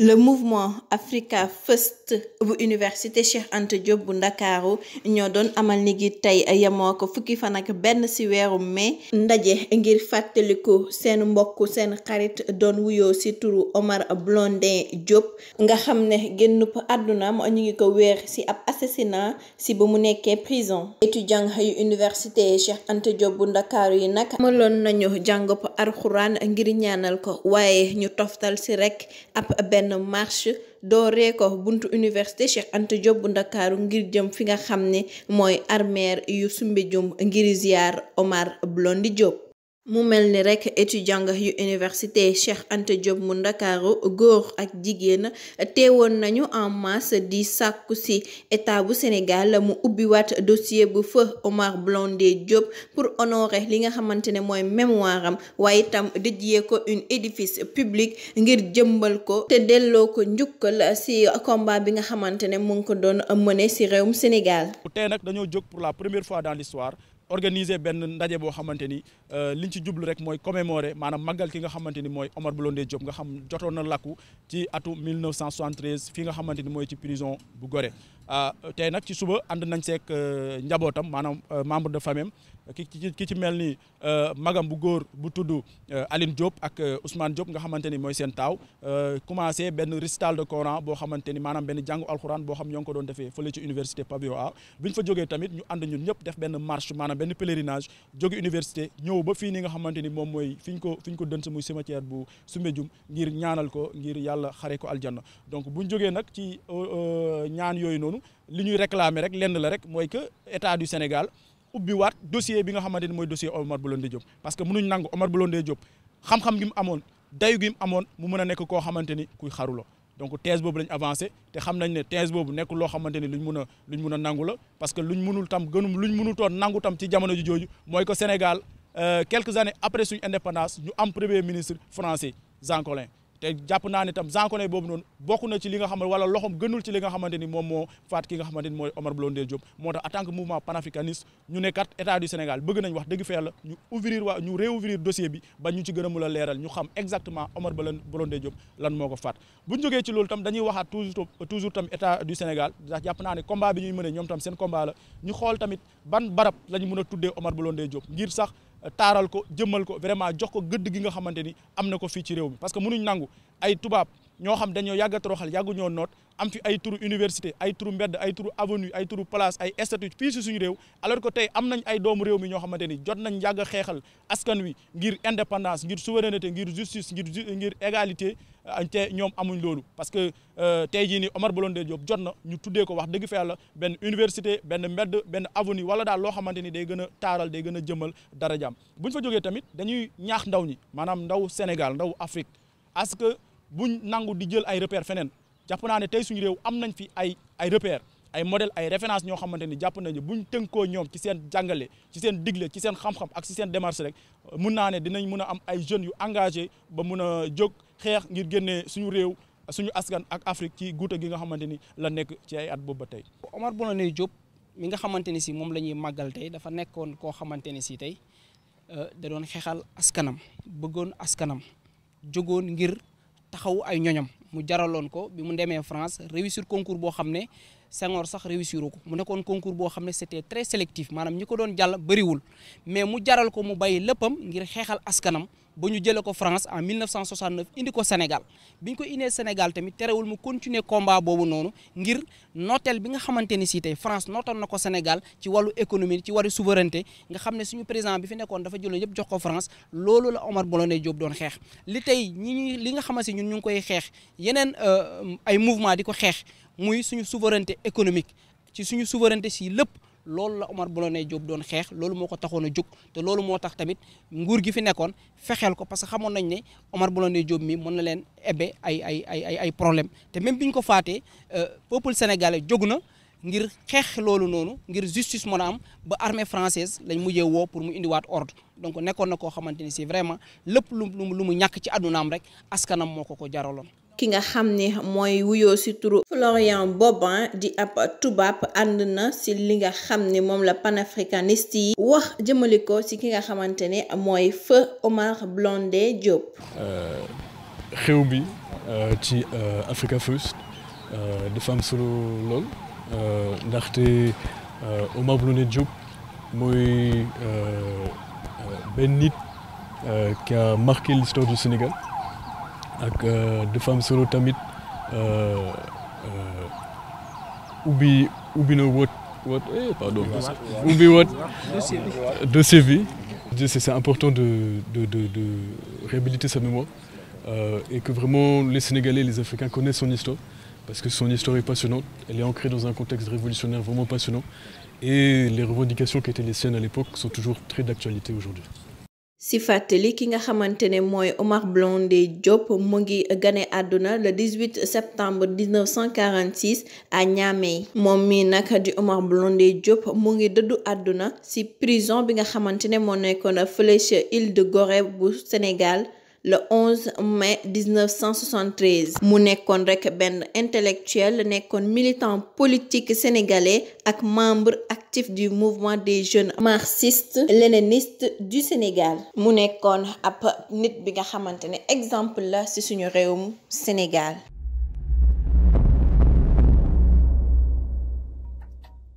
le mouvement Africa First bu université Cheikh Anta Diop bu ndakaaru ñoo doon amal ni gi tey yemoo ko fukki fan ak benn ci weeru mai ndaje ngir fàttaliku seen mbokk seen xarit doon wuyo ci turu Omar Blondin Diop nga xam ne génnub àdduna mu ñu ngi ko weer ci ab assassinat si ba mu nekkee prison étudiant yu université Cheikh Anta Diop bu ndakaaru yi nag amaloon nañu jàngop alxuraan ngir ñaanal ko waaye ñu toftal ci rekk ab benn benn marche dooree ko buntu université Cheikh Anta jobu Ndakaaru ngir jëm fi nga xam ne mooy armeer yu Soumbédioune ngir ziar Omar Blondin Diop mu mel ni rek étudiant yu université Cheikh Anta Diop mu ndakaaru góor ak jigéen teewoon nañu en masse di sàkku ci état bu Sénégal mu ubbiwaat dossier bu feu Omar Blondin Diop pour honorer li nga xamante ne mooy mémoire am waaye itam dédié ko un édifice public ngir jëmbal ko te delloo ko njukkal ci combat bi nga xamante ne mu ngi ko doon mëne ci réewum Sénégal. tey nag dañoo jóg pour la première fois dans l'histoire organiser benn ndaje boo xamante ni euh, liñ ci jublu rek mooy commémorer maanaam màggal ki nga xamante ni mooy Omar Blondin Diop nga xam jotoon na lakku ci atu 1973 fi nga xamante ni mooy ci prison bu gore Euh, tey nag ci suba ànd nañ seek euh, njabootam maanaam euh, membre de famille am ki ci ki ci mel ni magam bu góor bu tudd alin Diop ak Ousmane Diop nga xamante ni mooy seen taaw commencé benn ristal de Coran boo xamante ni maanaam benn jàngu alxuraan boo xam ñoo ko doon defee fële ci université Pavillon A bi ñu fa jógee tamit ñu ànd ñun ñëpp def benn marche maanaam benn pèlerinage jóge université ñëw ba fii ni nga xamante ni moom mooy fi ñu ko fi ñu ko dënse muy cimetière bu Soumbédioune ngir ñaanal ko ngir yàlla xare ko aljanna donc bu ñu jógee nag ci ñaan yooyu noonu li ñuy réclamer rek lenn la rek mooy que état du Sénégal ubbi waat dossier bi nga xamante ni mooy dossier Omar Blondin Diop parce que mënuñ nangu Omar Blondin Diop xam-xam gi mu amoon dayu gi mu amoon mu mën a nekk koo xamante ni kuy xarulo donc thèse boobu lañ avancé te xam nañ ne thèse boobu nekk loo xamante ni luñ mun a luñ mun a nangu la parce que ñu munul tam gënum luñ munul toon nangu tam ci jamono ji jooju mooy que Sénégal euh, quelques années après suñu indépendance ñu am premier ministre français Jean Collin te jàpp naa ne tam Jean Collin boobu noonu bokk na ci li nga xam wala loxoom gënul ci li nga xamante ni moom moo faat ki nga xamante ni mooy Omar Blondin Diop moo tax en tant que mouvement panafricaniste ñu ne kat état du Sénégal bëgg nañ wax dëgg fa ñu ouvrir waa ñu réouvrir dossier bi ba ñu ci gën a mën leeral ñu xam exactement Omar Blondin Diop lan moo ko faat bu ñu jógee ci loolu tam dañuy waxaat toujours toujours tam état du Sénégal jàpp naa ne combat bi ñuy mëne ñoom tam seen combat la ñu xool tamit ban barab la ñu tuddee Omar Blondin Diop ngir sax taaral ko jëmmal ko vraiment jox ko gëdd gi nga xamante ni am na ko fii ci réew parce que mënuñ nangu ay tubaab ñoo xam dañoo yàgg a toroxal yàggu ñoo noot am fi ay turu université ay turu mbedd ay turu avenue ay turu place ay statut fii si suñu réew alors que tey am nañ ay doom réew mi ñoo xamante ni jot nañ yàgg xeexal askan wi ngir indépendance ngir souveraineté ngir justice ngir ngir égalité euh, te ñoom amuñ loolu parce que euh, tey jii nii Omar Blondin joob jot na ñu tuddee ko wax dëgg fa yàlla benn université benn mbedd benn avenue wala daal loo xamante ni day gën a taaral day gën a jëmal dara jàmm bu ñu fa jógee tamit dañuy ñaax ndaw ñi maanaam ndaw Sénégal ndaw Afrique buñ nangu di jël ay repères feneen jàpp naa ne tey suñu réew am nañ fi ay ay repères ay modèles ay références ñoo xamante ni jàpp nañu buñ tënkoo ñoom ci seen jàngale ci seen digle ci seen xam-xam ak ci seen démarche rek mun naa ne dinañ mun a am ay jeunes yu engagé ba mun a jóg xeex ngir génne suñu réew suñu askan ak Afrique ci guuta gi nga xamante ni la nekk ci ay at boobu ba tey. Omar ne Diop mi nga xamante ni si moom la ñuy màggal tey dafa nekkoon koo xamante ni si tey euh, da doon xeexal askanam bëggoon askanam jógoon ngir. taxaw ay ñoñam mu jaraloon ko bi mu demee France réussir concours boo xam ne Senghor sax réussir ko mu nekkoon concours boo xam ne c'était très sélectif maanaam ñi ko doon jàll bëriwul mais mu jaral ko mu bàyyi léppam ngir xeexal askanam ba ñu jëlee ko France en 1969 indi ko Sénégal bi ñu ko indee Sénégal tamit terewul mu continuer combat boobu noonu ngir nooteel bi nga xamante ni sii tey France nootoon na ko Sénégal ci wàllu économie ci wàllu souveraineté nga xam ne suñu président bi fi nekkoon dafa jëloon yëpp jox ko France loolu la Omar Blondin Diop doon xeex li tey ñi ñuy li nga xamante si ñun ñu ngi koy xeex yeneen euh, ay mouvement di ko xeex muy suñu souveraineté économique ci suñu souveraineté si lépp loolu la Omar Blondin Diop doon xeex loolu moo ko taxoon a jóg te loolu moo tax tamit nguur gi fi nekkoon fexeel ko parce que xamoon nañ ne Omar Blondin Diop mi mën na leen ebbe ay ay ay ay ay problème te même bi ñu ko faatee euh, peuple sénégalais jóg na ngir xeex loolu noonu ngir justice mën a am ba armee française lañ mujjee woo pour mu indiwaat ordre donc nekkoon na koo xamante ni si vraiment lépp lu lu mu ñàkk ci am rek askanam moo ko ko jaraloon ki nga xam ne mooy wuyoo ci turu Florian Bobin di ab tubaab ànd na ci li nga xam ni moom la panafricaniste yi wax jëmale ci ki nga xamante ne mooy feu Omar Blondin Diop. Euh, xew bi euh, ci euh, Africa First dafa am solo lool ndaxte Omar Blondin Diop mooy benn nit qui marqué l'histoire du Sénégal. ak euh, dafa am solo tamit euh, euh, ubbi ubbi na wóot wóot eh, pardon ubbi wóot dossier bi c'est important de de de de réhabiliter sa mémoire euh, et que vraiment les Sénégalais, les Africains connaissent son histoire parce que son histoire est passionnante, elle est ancrée dans un contexte révolutionnaire vraiment passionnant et les revendications qui étaient les siennes à l'époque sont toujours très d'actualité aujourd'hui. si fàttali ki nga xamante ne mooy Omar Blondin Diop mu ngi gane àdduna le 18 septembre 1946 à Niamey moom mi nag di Omar Blondin Diop mu ngi dëddu àdduna si prison bi nga xamante ne moo nekkoon fële ca île de Gorée bu Sénégal le 11 mai 1973 mu nekkoon rek benn intellectuel nekkoon militant politique sénégalais ak membre actif du mouvement des jeunes marxistes léninistes du Sénégal mu nekkoon ab nit bi nga xamante ne exemple la ci suñu réewum Sénégal.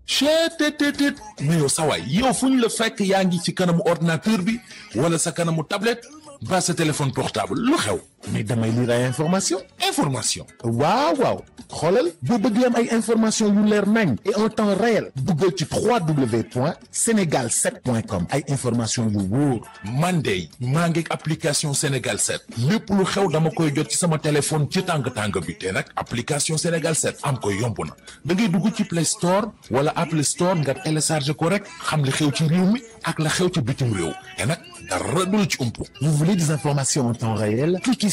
cheetetetet mais yow sawaay yow fu ñu la fekk yaa ngi ci kanamu ordinateur bi wala sa kanamu tablette. ba sa téléphone portable lu xew mais damay lire ay information information waaw waaw xoolal boo bëgg am ay information yu leer nañ et en temps réel duggal ci 3w point sénégal 7 point com ay information yu wóor man maa ngi application sénégal 7 lépp lu xew dama koy jot ci sama téléphone ci tàng tàng bi te nag application sénégal 7 am yomb na da ngay dugg ci play store wala apple store nga télécharge ko rek xam li xew ci réew mi ak la xew ci bitim réew te dara du la ci ump vous